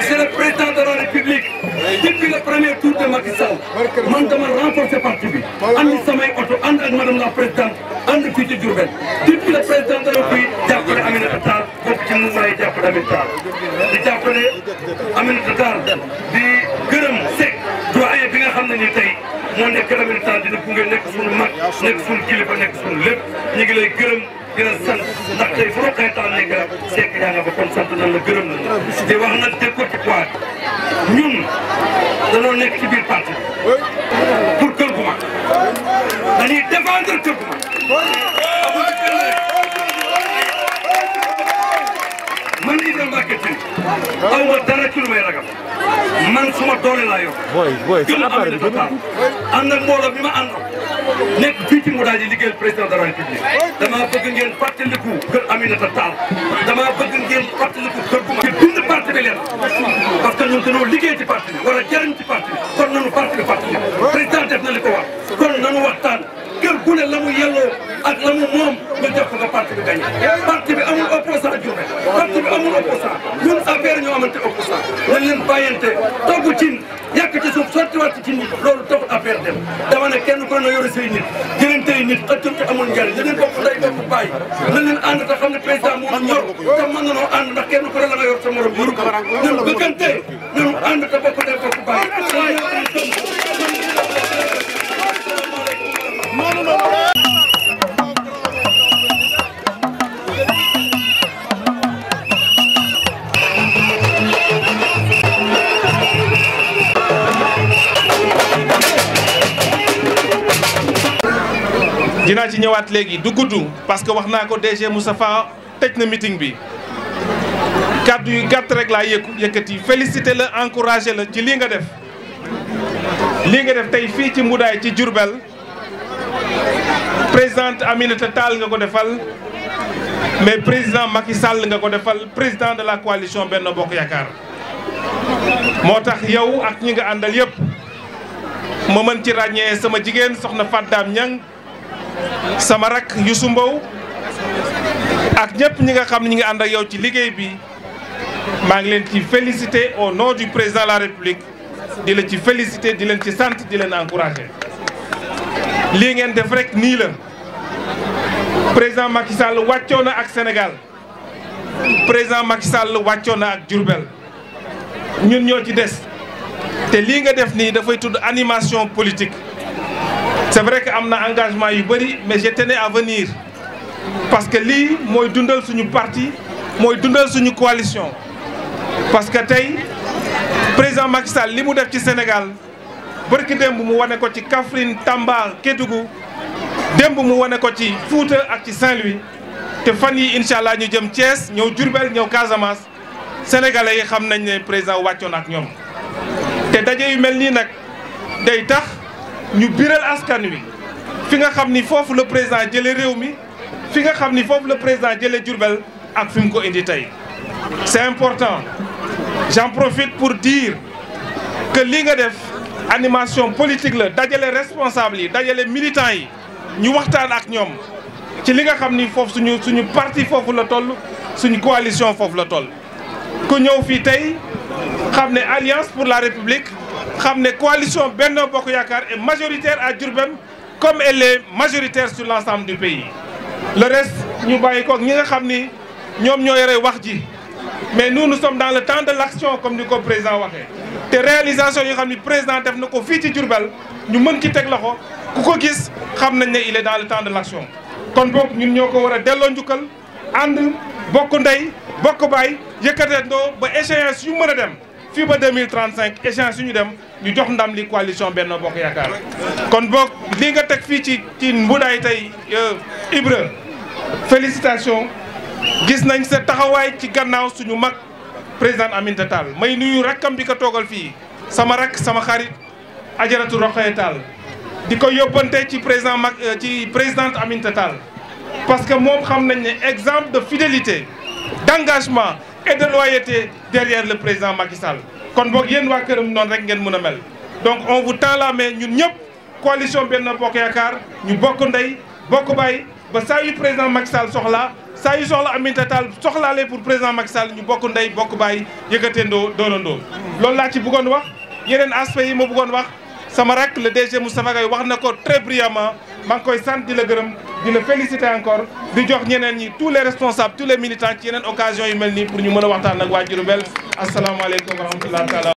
c'est le président de la République depuis le premier tour de Macky Sall man dama renforcer parti bi andi samay oto ànd ak madame la présidente ànd fii ci Diourbel depuis le président de la République jàppale Aminata Tall bokk ci mouvement yi jàppale Aminata Tall di jàppale Aminata Tall di gërëm Seck doyen bi nga xam ne ni tey moo nekk Aminata Tall dina gunge nekk suñu mag nekk suñu kilifa nekk suñu lépp ñu ngi lay gërëm di la sant ndax tey fu roqee taal nekk sekk yaa nga fa kon sant nañ la gërëm nañ la di wax nag dëkk ko ci poids ñun dañoo nekk ci biir parti pour kër gu mag dañuy défendre kër gu mag man itam Mbacke Tine aw ma dara ci lu may ragal man suma doole laa yor. booy booy sa appareil bi am na mbooloo bi ma àndal nekk fii ci mu daal di liggéeyal président de la république damaa bëgg ngeen fàttaliku kër Aminata Tall damaa bëgg ngeen fàttaliku kër bu ma. bind parti bi leen parce que ñun dañoo liggéey ci parti bi wala jëriñ ci parti bi kon nanu parti bi fàttali président def na li ko war kon nanu waxtaan kër bu ne la mu yelloo ak la mu moom nga jàpp nga parti bi gañ bi amul opposant ñun affaire ñoo amante ci suuf ci cin loolu taxul affaire dem dama ne kenn ku ne na yore say nit jëlantey nit xëccante amul njëriñ dañ leen bokk nday bokk bàyyi nañ leen ànd te xam ne président moom ñor te mën nanoo ànd ndax kenn ku ne la nga yor sa ko ñun bëggante dinaa ci ñëwaat léegi du gudd parce que wax naa ko DG Moustapha tëj na mitin bi kàddu yu gàtt rek laa yëkku yëkkati félicité la encouragé la ci lii nga def lii nga def tey fii ci Mboudaay ci Diourbel présidente Aminata Tall nga ko defal mais président Macky Sall nga ko defal président de la coalition benn Bokk Yaakaar moo tax yow ak ñi nga àndal yëpp ma mën ci ràññee sama jigéen soxna Fat Dame sama rak Youssou Mbow ak ñëpp ñi nga xam ne ñi ngi ànd ak yow ci liggéey bi maa ngi leen ci félicité o nom du président la République di la ci félicité di leen ci sant di leen encouragé lii ngeen def rek nii la président Macky Sall wàccoo na ak Sénégal président Macky Sall wàccoo ak Diourbel ñun ñoo ci des te lii nga def nii dafay tudd animation politique c'est vrai que am na engagement yu bëri mais je parce que lii mooy dundal suñu parti mooy dundal suñu coalition parce que tey président Macky Sall li mu def ci Sénégal bërki démb mu wane ko ci Kaffrine Tamba Kédougou démb mu wane ko ci Fouta ak ci Saint-Louis te fan yi incha allah ñu jëm Thiès ñëw Diourbel ñëw Casamance sénégalais yi xam nañ ne président wàccoon ak ñoom te daje yu mel nii nag day tax. ñu biral askan wi fi nga xam ni foofu la président jële réew mi fi nga xam ni foofu la président jële Diourbel ak fi mu ko indi tey c'est important j'en profite pour dire que li nga def animation politique la dajale responsable yi dajale militant yi ñu waxtaan ak ñoom ci li nga xam ni foofu suñu suñu parti foofu la toll suñu coalition foofu la toll ku ñëw fii tey xam ne Alliance pour la République xam ne coalition benn Bokk Yaakaar est majoritaire à Diourbel comme elle est majoritaire sur l'ensemble du pays le reste ñu bàyyi ko ak ñi nga xam ni ñoom ñoo yore wax ji mais nous nous sommes dans le temps de l'action comme ni ko président waxee te réalisation yi xam ni président def na ko fii ci Diourbel ñu mën ci teg la xo ku ko gis xam nañ ne il dans le temps de l'action kon boog ñun ñoo ko war a delloo njukkal ànd bokk ndey bokk baay yëkkatee ndoo ba échéance yu mën a dem fii ba 2035 échéance yu ñu dem ñu jox ndam li coalition Benno Bokk Yaakaar kon boog li nga teg fii ci ci mbudaay tey euh, ibre félicitation gis nañ sa taxawaay ci gannaaw suñu mag président Aminata Tall may nuyu rakkam bi ko toogal fii sama rakk sama xarit Ajaratu Rokhaya Tall di ko yóbbante ci président mag euh, ci présidente Aminata Tall parce que moom xam nañ ne exemple de fidélité d'engagement et de loyauté derrière le président Macky Sall kon boog yéen waa këram noonu rek ngeen mën a mel donc on vous tend la main ñun ñëpp coalition Benno Bokk Yaakaar ñu bokk ndey bokk baay ba saa yu président Macky Sall soxlaa saa yu soxla Aminata Tall soxlaale pour président Macky Sall ñu bokk ndey bokk baay yëkkateendoo doonandoo loolu laa ci bëggoon wax yeneen aspect yi ma bëggoon wax sama rak le DG Moustapha Gaye wax na ko très brillamment maa ngi koy sant di la gërëm di ne féliciter encore di jox ñeneen ñi tous les responsables tous les militants ci yeneen occasion yu mel ni pour ñu mën a waxtaan ak waa Diourbel asalaamaaleykum wa rahmatulah taala